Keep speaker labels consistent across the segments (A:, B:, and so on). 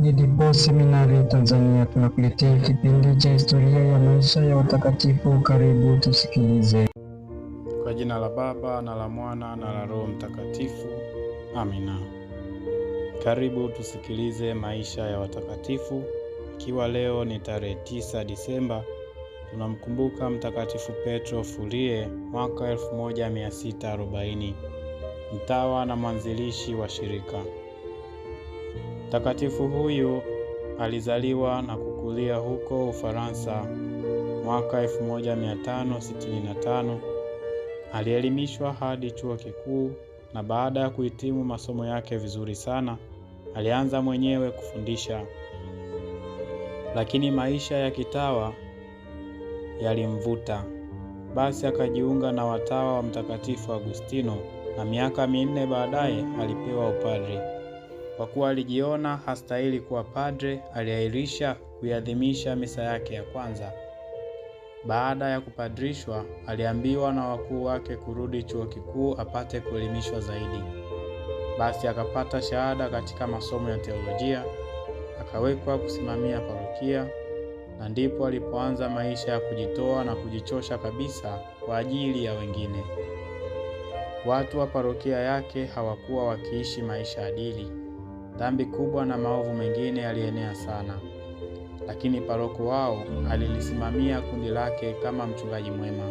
A: Nidipo Seminari Tanzania tunakuletea kipindi cha historia ya maisha ya watakatifu. Karibu tusikilize. Kwa jina la Baba na la Mwana na la Roho Mtakatifu, amina. Karibu tusikilize maisha ya watakatifu, ikiwa leo ni tarehe 9 Disemba tunamkumbuka Mtakatifu Petro Fulie, mwaka 1640, mtawa na mwanzilishi wa shirika. Mtakatifu huyu alizaliwa na kukulia huko Ufaransa mwaka 1565. Alielimishwa hadi chuo kikuu na baada ya kuhitimu masomo yake vizuri sana, alianza mwenyewe kufundisha. Lakini maisha ya kitawa yalimvuta. Basi akajiunga na watawa wa Mtakatifu Agustino na miaka minne baadaye alipewa upadre. Kwa kuwa alijiona hastahili kuwa padre, aliahirisha kuiadhimisha misa yake ya kwanza. Baada ya kupadrishwa, aliambiwa na wakuu wake kurudi chuo kikuu apate kuelimishwa zaidi. Basi akapata shahada katika masomo ya teolojia, akawekwa kusimamia parokia na ndipo alipoanza maisha ya kujitoa na kujichosha kabisa kwa ajili ya wengine. Watu wa parokia yake hawakuwa wakiishi maisha adili. Dhambi kubwa na maovu mengine yalienea sana, lakini paroko wao alilisimamia kundi lake kama mchungaji mwema.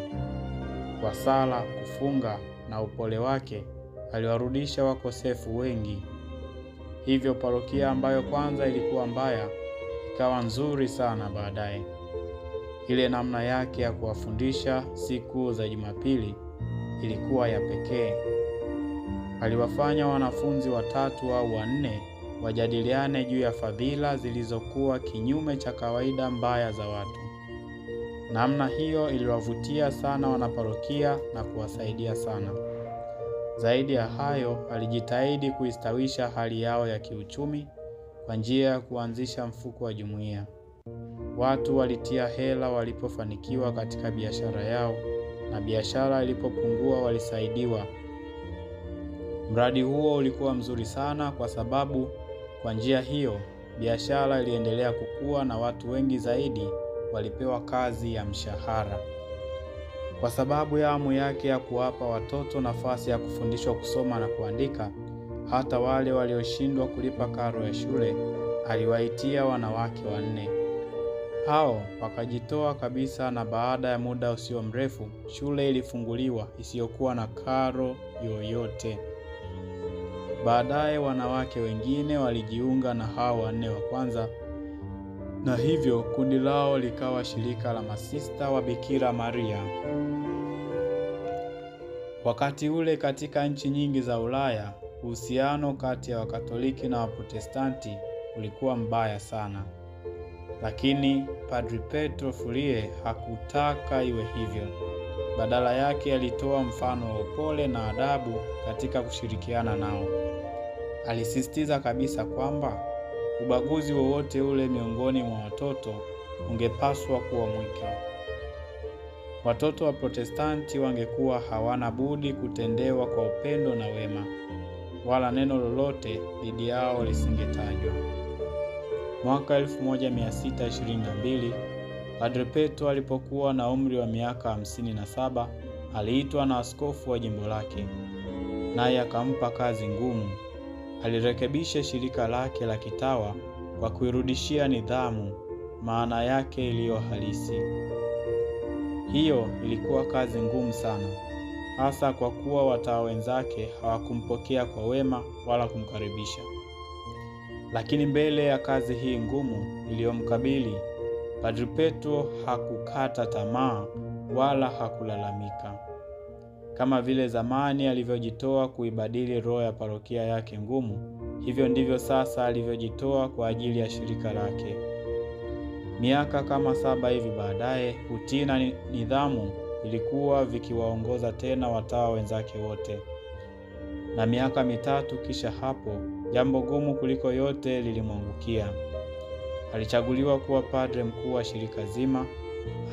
A: Kwa sala, kufunga na upole wake aliwarudisha wakosefu wengi. Hivyo parokia ambayo kwanza ilikuwa mbaya ikawa nzuri sana baadaye. Ile namna yake ya kuwafundisha siku za Jumapili ilikuwa ya pekee. Aliwafanya wanafunzi watatu au wanne wajadiliane juu ya fadhila zilizokuwa kinyume cha kawaida mbaya za watu. Namna hiyo iliwavutia sana wanaparokia na kuwasaidia sana. Zaidi ya hayo, alijitahidi kuistawisha hali yao ya kiuchumi kwa njia ya kuanzisha mfuko wa jumuiya. Watu walitia hela walipofanikiwa katika biashara yao, na biashara ilipopungua walisaidiwa. Mradi huo ulikuwa mzuri sana kwa sababu kwa njia hiyo biashara iliendelea kukua na watu wengi zaidi walipewa kazi ya mshahara. Kwa sababu ya amu yake ya kuwapa watoto nafasi ya kufundishwa kusoma na kuandika hata wale walioshindwa kulipa karo ya shule aliwaitia wanawake wanne. Hao wakajitoa kabisa, na baada ya muda usio mrefu shule ilifunguliwa isiyokuwa na karo yoyote. Baadaye wanawake wengine walijiunga na hao wanne wa kwanza, na hivyo kundi lao likawa shirika la masista wa Bikira Maria. Wakati ule katika nchi nyingi za Ulaya Uhusiano kati ya Wakatoliki na Waprotestanti ulikuwa mbaya sana, lakini Padri Petro Furie hakutaka iwe hivyo. Badala yake alitoa mfano wa upole na adabu katika kushirikiana nao. Alisisitiza kabisa kwamba ubaguzi wowote ule miongoni mwa watoto ungepaswa kuwa mwike Watoto wa Protestanti wangekuwa hawana budi kutendewa kwa upendo na wema, wala neno lolote dhidi yao lisingetajwa. Mwaka 1622 Padre Petro alipokuwa na umri wa miaka 57 saba aliitwa na askofu wa jimbo lake, naye akampa kazi ngumu. Alirekebisha shirika lake la kitawa kwa kuirudishia nidhamu maana yake iliyo halisi. Hiyo ilikuwa kazi ngumu sana hasa kwa kuwa watawa wenzake hawakumpokea kwa wema wala kumkaribisha. Lakini mbele ya kazi hii ngumu iliyomkabili, Padri Petro hakukata tamaa wala hakulalamika. Kama vile zamani alivyojitoa kuibadili roho ya parokia yake ngumu, hivyo ndivyo sasa alivyojitoa kwa ajili ya shirika lake. Miaka kama saba hivi baadaye, hutii na nidhamu vilikuwa vikiwaongoza tena watawa wenzake wote. Na miaka mitatu kisha hapo, jambo gumu kuliko yote lilimwangukia. Alichaguliwa kuwa padre mkuu wa shirika zima.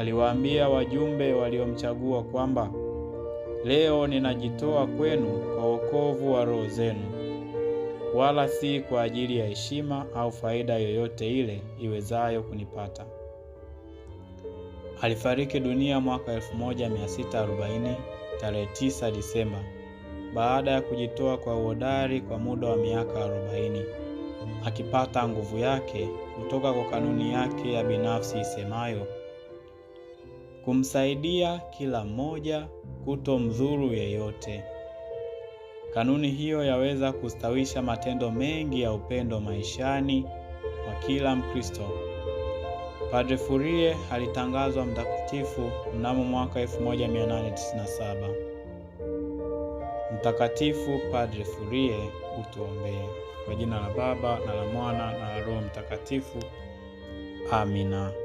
A: Aliwaambia wajumbe waliomchagua kwamba leo ninajitoa kwenu kwa wokovu wa roho zenu, wala si kwa ajili ya heshima au faida yoyote ile iwezayo kunipata. Alifariki dunia mwaka 1640 tarehe 9 Disemba baada ya kujitoa kwa uhodari kwa muda wa miaka 40, akipata nguvu yake kutoka kwa kanuni yake ya binafsi isemayo kumsaidia kila mmoja, kuto mdhuru yeyote. Kanuni hiyo yaweza kustawisha matendo mengi ya upendo maishani kwa kila Mkristo. Padre Furie alitangazwa mtakatifu mnamo mwaka 1897. Mtakatifu Padre Furie, utuombee. Kwa jina la Baba na la Mwana na la Roho Mtakatifu. Amina.